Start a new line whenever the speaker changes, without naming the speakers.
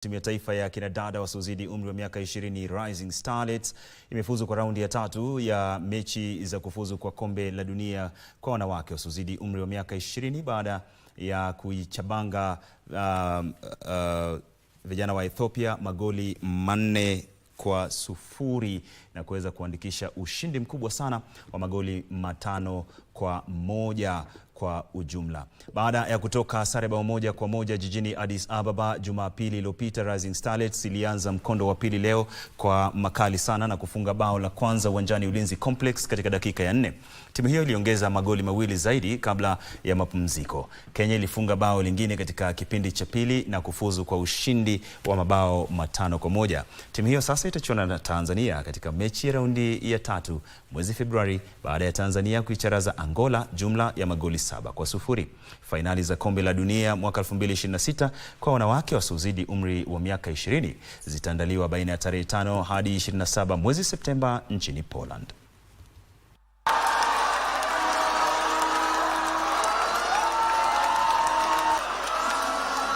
Timu ya taifa ya kinadada wasiozidi umri wa miaka 20 Rising Starlets imefuzu kwa raundi ya tatu ya mechi za kufuzu kwa kombe la dunia kwa wanawake wasiozidi umri wa miaka 20 baada ya kuichabanga uh, uh, vijana wa Ethiopia magoli manne kwa sufuri na kuweza kuandikisha ushindi mkubwa sana wa magoli matano kwa moja kwa ujumla. Baada ya kutoka sare bao moja kwa moja jijini Addis Ababa Jumapili iliyopita, Rising Starlets ilianza mkondo wa pili leo kwa makali sana na kufunga bao la kwanza uwanjani Ulinzi Complex katika dakika ya nne. Timu hiyo iliongeza magoli mawili zaidi kabla ya mapumziko. Kenya ilifunga bao lingine katika kipindi cha pili na kufuzu kwa ushindi wa mabao matano kwa moja. Timu hiyo sasa itachuana na Tanzania katika mechi ya raundi ya tatu mwezi Februari baada ya Tanzania kuicharaza Angola jumla ya magoli saba kwa sufuri. Fainali za kombe la dunia mwaka 2026 kwa wanawake wasiozidi umri wa miaka 20 zitaandaliwa baina ya tarehe 5 hadi 27 mwezi Septemba nchini Poland.